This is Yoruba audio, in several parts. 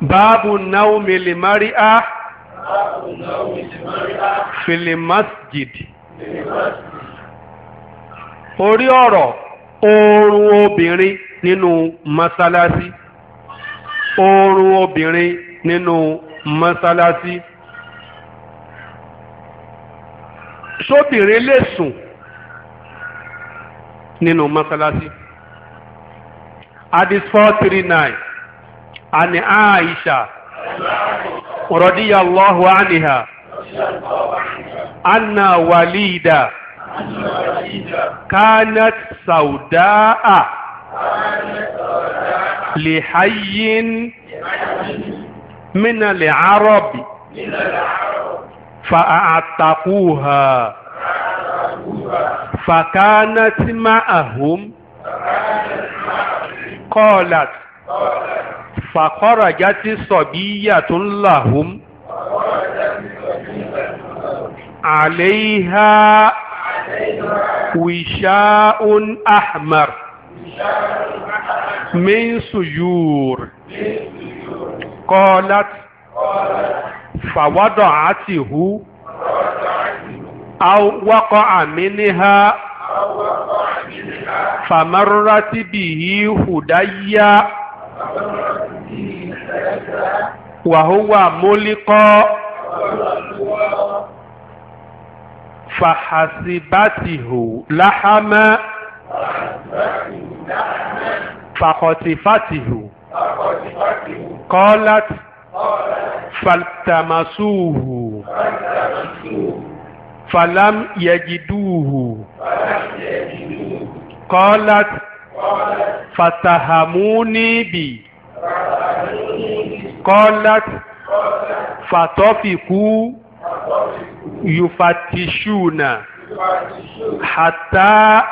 báàbù naomi lè mari a filimasjid orí ọ̀rọ̀ oorun obìnrin nínú mọ́sálásí oorun obìnrin nínú mọ́sálásí sóbìnrin lè sùn nínú mọ́sálásí hadith four عن عائشة رضي الله عنها أن وليدة كانت سوداء لحي من العرب فأعتقوها فكانت معهم قالت fàkọ́rọ̀já ti sọ̀bíyà tó ń là hùm àléhà wìṣáún ahmar min suyur kọ́lát fàwọ́dọ̀ àti hu awọ́kọ̀ àmì níhà fàmárọ́rátìbì yìí hùdáyà. وهو ملقى فحسبته لحما فخطفته قالت فالتمسوه فلم يجدوه قالت فتهموني بي قالت فتفقوا يفتشون حتى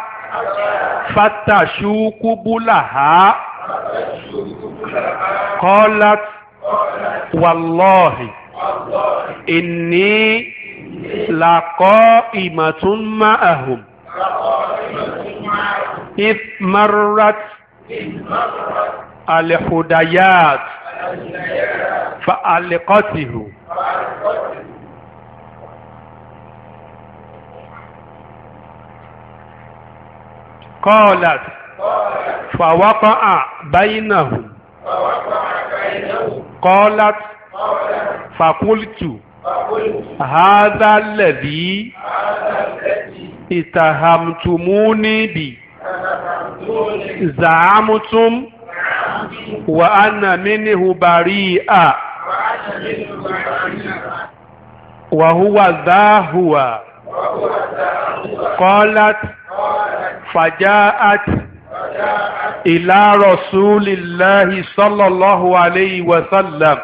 فتشوا قبلها قالت والله إني لقائمة معهم إذ مرت الحديات fa alikọ́tìhù. قالت فوقع بينهم قالت فقلت هذا الذي اتهمتموني به زعمتم wà á nà mí ní hubari à wà húwà záhùwà kọ́lát fàjáàt ìlà rọ̀súlìláhi sọ́lọ́lọ́hu aleyhi wasallam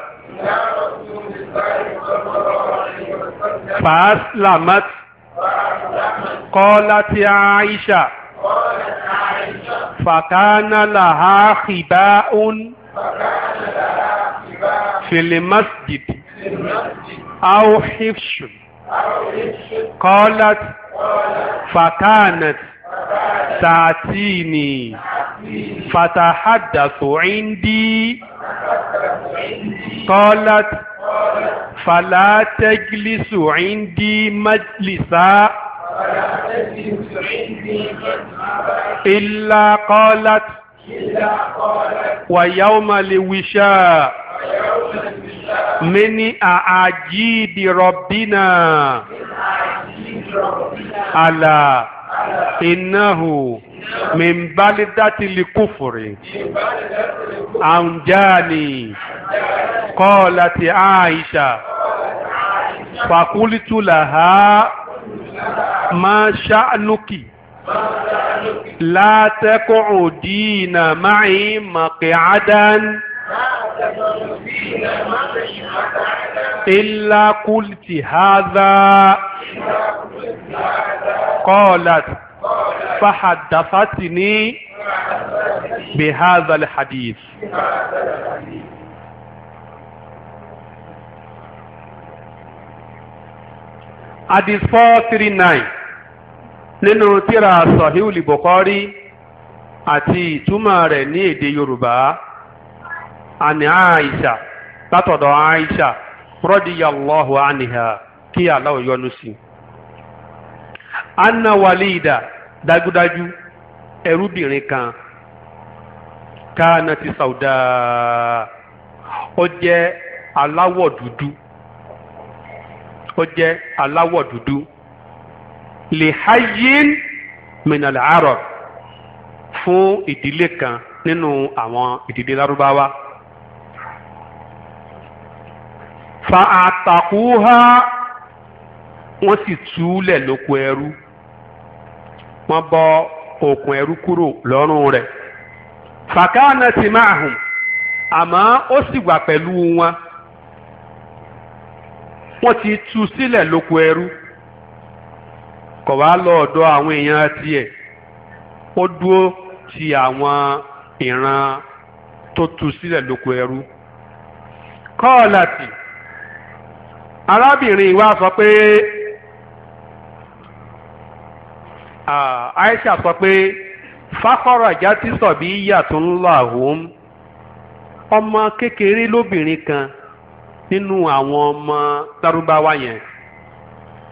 fàáslámàt aisha. فكان لها خباء في المسجد أو حفش قالت فكانت تأتيني فتحدث عندي قالت فلا تجلس عندي مجلسا إلا قالت ويوم الوشاء من أعجيب ربنا على إنه من بلدة الكفر أنجاني قالت عائشة فقلت لها ما شأنك لا تقعدين معي مقعدا إلا قلت هذا قالت فحدثتني بهذا الحديث Hadith 439 nínú tíra sọ̀híùlì bùkọ́rí àti ìtumọ̀ rẹ̀ ní èdè yorùbá àní àìsà látọ̀dọ̀ àìsà radiyallahu anha kí Allah yọ́nú sí anna walida dájúdájú ẹrúbìnrin kan kánà ti sàwùdà ó jẹ́ aláwọ̀ dúdú. lihayin minal arab fún ìdílé kan nínú àwọn ìdílé lárúbáwá. fa àtàkùhá wọ́n sì túlẹ̀ lóko ẹrú wọ́n bọ́ òkun ẹrú kúrò lọ́rùn rẹ̀. fàkànà ti máa hùn àmọ́ ó sì wà pẹ̀lú wọn wọ́n ti tú sílẹ̀ lóko ẹrú kò wá lọ ọ̀dọ̀ àwọn èèyàn tiẹ̀ ó dúró ti àwọn ìran tó tú sílẹ̀ lóko ẹrú kọ́ọ̀làtì arábìnrin wa sọ pé Aisha sọ pé fákọ̀rọ̀ ajá tí sọ̀bí yàtọ̀ ńlá òun ọmọ kékeré lóbìnrin kan nínú àwọn ọmọ lárúbáwá yẹn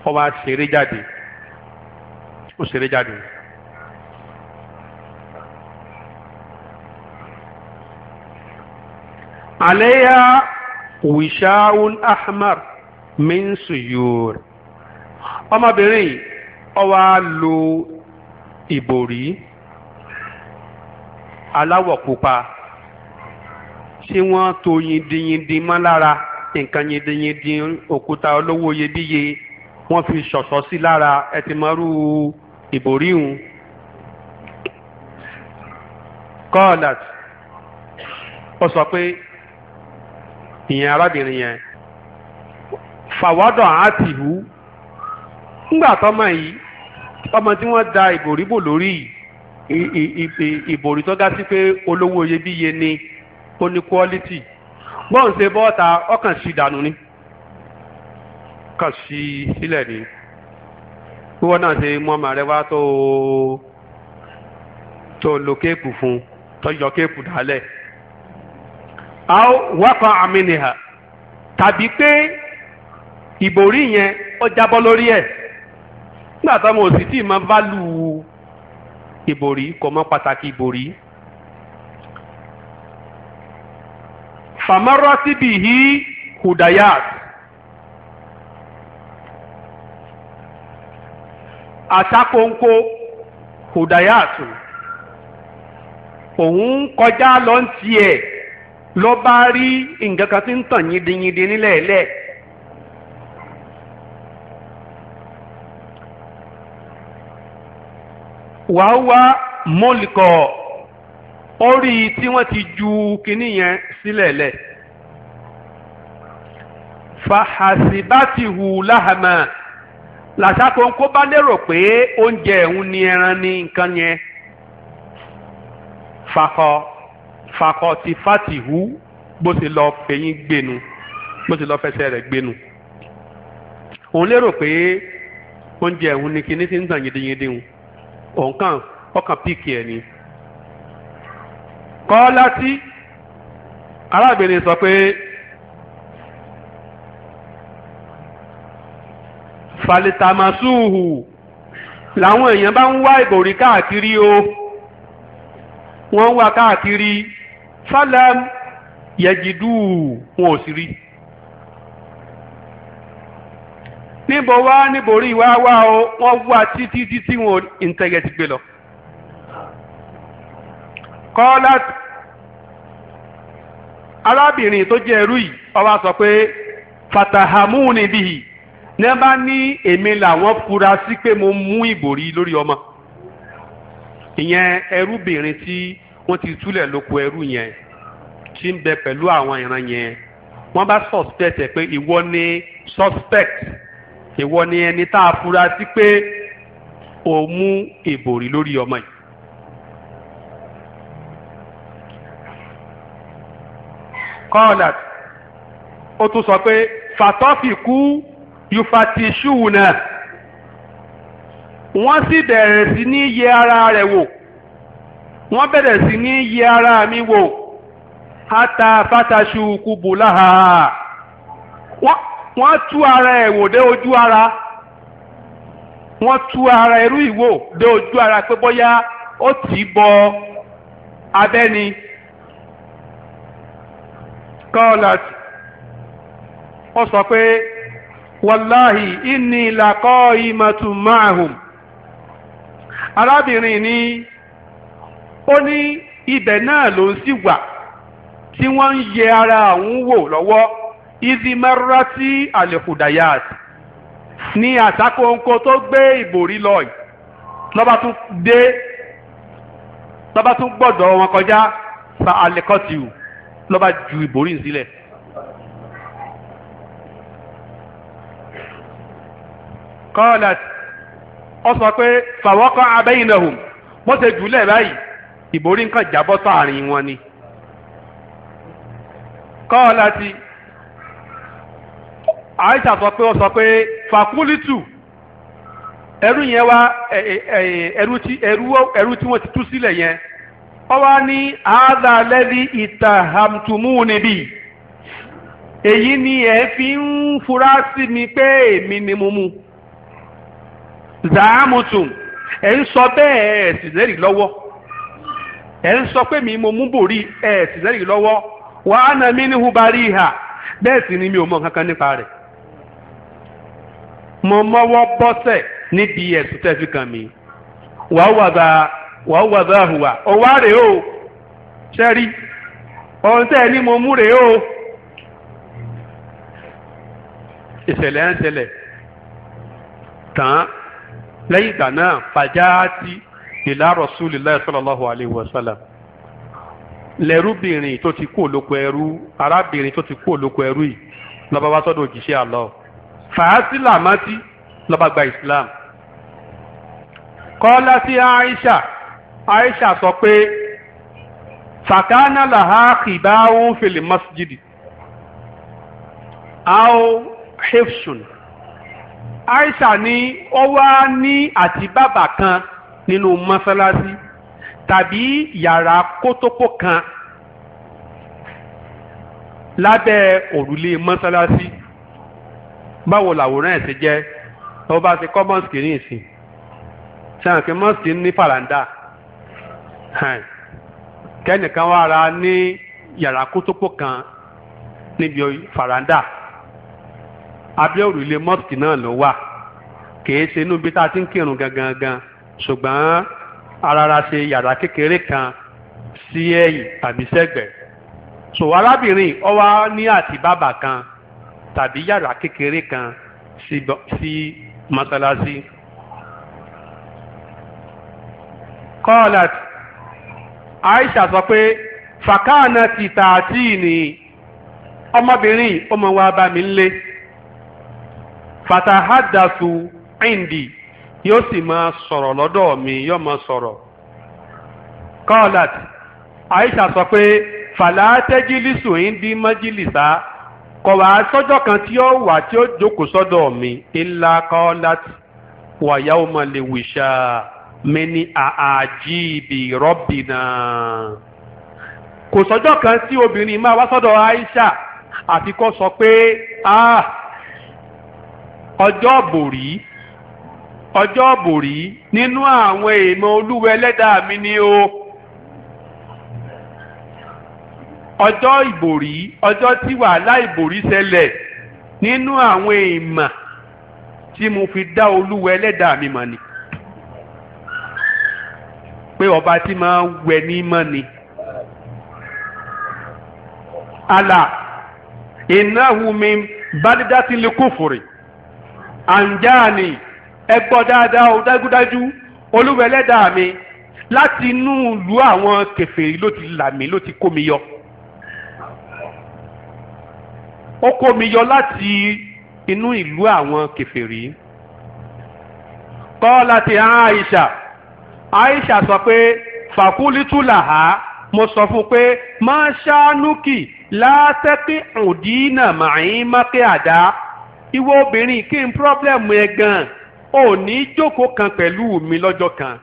ó wá ṣeré jáde ó ṣeré jáde. àléyà wishaun ahmar min suyur ọmọbìnrin ó wá lo ìbòrí aláwọ̀ pupa tí wọ́n to yindiyindin mọ́ lára nǹkan yindiyindin òkúta olówó iyebíye wọ́n fi ṣọ̀ṣọ́ sí lára ẹ ti ìbòríhun kọ́ọ̀lát ó sọ pé ìyẹn arábìnrin yẹn fàwọ́dọ̀ àtìhù ńgbà tọ́mọ yìí ọmọ tí wọ́n da ìbòrí bò lórí ìbòrí tó ga sí pé olówó iyebíye ni ó ní quality bọ́ǹsẹ̀ bọ́ọ̀ta ọkàn sí ìdànù ni kàn sí sílẹ̀ ni wíwọ́ náà ṣe mú ọmọ rẹ wá tó tó lo kéèpù fún tó yọ kéèpù dálẹ̀ àwọn wákọ̀ àmìnìhà tàbí pé ìbòrí yẹn ó jábọ́ lórí ẹ̀ nígbà táwọn òsì tí máa válù ìbòrí kò mọ pàtàkì ìbòrí. fàmọ́rọ́síbì yìí hùdàyàt àtakóńkó kòdáyàtò òun ń kọjá lọ ń tiẹ̀ lọ bá rí nǹkan kan tí ń tàn yídiyídi nílẹ̀ẹ́lẹ̀. wàá wá mọ́lìkọ̀ orí tí wọ́n ti ju kinní yẹn sílẹ̀ lẹ̀ fàhàsìbátìhù láhàmà làṣàkó ń kó bá lérò pé oúnjẹ ẹ̀hún ni ẹran ní nǹkan yẹn fakọ fakọ ti fatihu bó ti lọ fẹ̀yìn gbénu bó ti lọ fẹsẹ̀ rẹ̀ gbénu òun lérò pé oúnjẹ ẹ̀hún ni kinní ti ń tàn gidigidi ń òun kàn ọkàn píìkì ẹ̀ ni kọ́ láti arábìnrin sọ pé. falitamasuhu làwọn èèyàn bá ń wá ìbòrí káàkiri o wọ́n ń wá káàkiri falam yẹjidú wọn ò sì rí níbo wá níborí wá wá o wọ́n wá títí títí wọn ìǹtẹ̀gẹ̀ gbé lọ. kọ́lá arábìnrin tó jẹ́ ẹrú yìí ó sọ pé fatahamu ni bíi. ní ẹ bá ní èmi làwọn fura sí pé mo mú ìbòrí lórí ọmọ ìyẹn ẹrúbìnrin tí wọ́n ti túlẹ̀ lóko ẹrú yẹn tí ń bẹ pẹ̀lú àwọn ìran yẹn wọ́n bá suspect ẹ̀ pé ìwọ ni suspect ìwọ ni ẹni tá a fura sí pé o mú ìbòrí lórí ọmọ yìí. kọ́ọ̀lá ó tún sọ pé fàtọ́fì kú yufatishuna wọ́n sì bẹ̀rẹ̀ sí ní yẹ ara rẹ̀ wò wọ́n bẹ̀rẹ̀ sí ní yẹ ara mi wò hata fatashu kubulaha wọ́n tú ara ẹ̀ wò dé ojú ara wọ́n tú ara irú ìwò dé ojú ara pé bóyá ó tì í bọ abẹ́ni kọ́ọ̀lá ó sọ pé. wàláhì inni làkọ́ ìmọ̀tún máàhùn arábìnrin ni ó ní ibẹ̀ náà ló ń sì wà tí wọ́n ń yẹ ara àwọn wò lọ́wọ́ izimarati alekudayat ní àtàkóńkó tó gbé ìbòrí lọ lọ́ba tún dé lọ́ba tún gbọ́dọ̀ wọn kọjá sa lọ́ba ju ìbòrí sílẹ̀. kọ́ọ̀lá ọ sọ pé fàwọ́kọ́ abẹ́yìnlẹ̀hùn bó ṣe jùlẹ̀ báyìí ìborí nǹkan jábọ́ wọn ni. kọ́ọ̀lá ti sọ pé ó sọ pé fàkúlítù ẹrú yẹn wá ẹrú tí ẹrú tí wọ́n ti tú sílẹ̀ yẹn wá ní àádá ìtàhàmtùmù ni ẹ fi ń fura sí zaamutum ẹ̀ ń sọ bẹ́ẹ̀ ẹ̀ sì lẹ́rìí lọ́wọ́ ẹ̀ ń sọ pé mi mo mú bòrí ẹ̀ sì lẹ́rìí lọ́wọ́ wàá nà mí ní hubari ha bẹ́ẹ̀ sì ni mi ò mọ̀ kankan nípa rẹ̀ mo mọ́wọ́ bọ́sẹ̀ níbi ẹ̀sùn tẹ́ fi kàn mí wàá wàdà wàá wàdà hùwà rèé o ṣẹ́rí ọ̀hún tẹ́ ẹ ní mo mú rèé o ìṣẹ̀lẹ̀ ń ṣẹlẹ̀ tán. lẹ́yìn ìgbà náà fàjáàtì ìlà Rasulillah sallallahu alayhi wa sallam lẹ́rúbìnrin tó ti kú olóko ẹrú arábìnrin tó ti kú olóko ẹrú yìí lọ́ba wá sọ́dọ̀ òjíṣẹ́ àlọ́ fàásìlà mọ́tí lọ́ba gba Islam kọ́lá sí Aisha Aisha sọ pé fàkánà làhá kìbáwó fil masjid aw hifsun aisha ni ó wá ní àti bàbà kan nínú mọ́sálásí tàbí yàrá kótópó kan lábẹ́ òrùlé mọ́sálásí báwo làwòrán ẹ̀ ṣe jẹ́ tó bá ti kọ́ mọ́sìkì ní ìsìn sẹ́wọ̀n kí mọ́sìkì ní fàràǹdà kẹ́nìkan wá ní yàrá kótópó kan níbi fàràǹdà abẹ́ òrùlé mosque náà ló wà kìí ṣe inú ibi tá a ti ń kírun gangan gan ṣùgbọ́n arara ṣe yàrá kékeré kan sí ẹ̀yìn tàbí sẹ́gbẹ̀ẹ́ so arábìnrin ó wà ní àtibábà kan tàbí yàrá kékeré kan sí mọ́sálásí. kọ́ọ̀lát Aisha sọ pé fàkàánà ti tààtì ni ọmọbìnrin ó mọ bá mi ń lé. fatahadasu indi yóò sì máa sọ̀rọ̀ lọ́dọ̀ mi yóò máa sọ̀rọ̀ kọ́ọ̀lát Aisha sọ pé fàlàtẹ́jìlísù indi májìlísà kọ̀wá sọ́jọ́ kan tí ó wà tí ó jókòó sọ́dọ̀ mi illa kọ́ọ̀lát wàyà ó máa lè wìṣà mi ní àjíìbì rọ́bìnà kò kan tí obìnrin máa wá sọ́dọ̀ Aisha àfi sọ pé ah. ọjọ́ bòrí ọjọ́ bòrí nínú àwọn èèmọ̀ olúwa ẹlẹ́dàá mi ni o ọjọ́ ìbòrí ọjọ́ tí wàhálà ìbòrí ṣẹlẹ̀ nínú àwọn èèmọ̀ tí mo fi dá olúwa ẹlẹ́dàá mi mọ̀ ni pé ọba tí máa ń wẹ ní mọ́ ni àlà ìnáhùn mi bá dídá sí lè kófòrè. àǹjáàní ẹ gbọ́ dáadáa o dájúdájú olúwẹ̀lẹ́dàá mi láti inú ìlú àwọn kèfèrí ló ti là mí ló ti kó mi yọ ó kó mi yọ láti inú ìlú àwọn kèfèrí kọ́ láti hàn Aisha Aisha sọ pé fàkúlítù làhá mo sọ fún un pé máa ṣáánú kì látẹ́kì ọ̀dínà màáyín mákè àdá ìwọ obìnrin kí n pírọ́blẹ̀mù ẹ gan ò ní jókòó kan pẹ̀lú mi lọ́jọ́ kan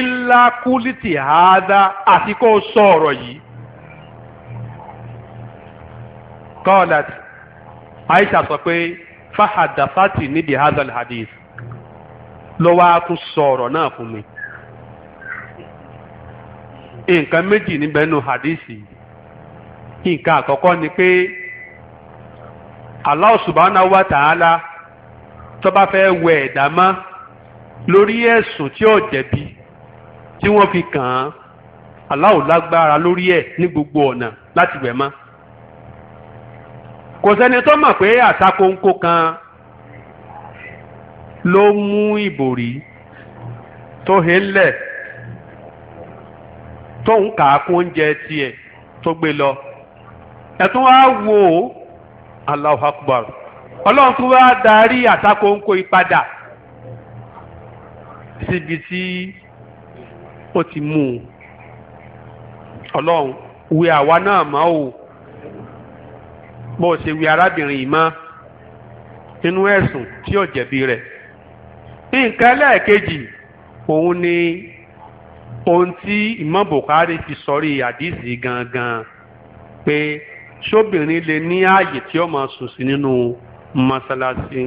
ńlá kúlítì àádá àti kó o sọ ọ̀rọ̀ yìí. kọ́ọ̀lát Aisha sọ pé fahadafati níbi hazal hadith ló wá tún sọ ọ̀rọ̀ náà fún mi. nǹkan méjì níbẹ̀ nù hadith yìí nǹkan àkọ́kọ́ ni pé. Allah subhanahu wa ta'ala tó bá fẹ́ wẹ ẹ̀dá mọ́ lórí ẹ̀sùn tí ó tí wọ́n fi kàn án Allah lágbára lórí ẹ̀ ní gbogbo ọ̀nà láti wẹ̀ mọ́. kò sẹ́ni tó mọ̀ pé àtakóńkó kan ló mú ìbòrí tó hélẹ̀ tó ń kà á kó oúnjẹ tiẹ̀ tó gbé lọ ẹ̀tún wá wò ó. Allahu Akbar ọlọ́run tó wá darí àtakò ń kó ìpadà síbi tí ó ti mú un ọlọ́run wí àwa náà mọ́ o bó o ṣe wí arábìnrin yìí mọ́ nínú ẹ̀sùn tí ò jẹ̀bi rẹ̀ nǹkan ẹlẹ́ẹ̀kejì òun ni ohun tí Imam Bukhari fi sọrí àdìsí gangan pé ṣóbìnrin lè ní ààyè tí ó máa sùn sí nínú mọ́ṣáláṣí.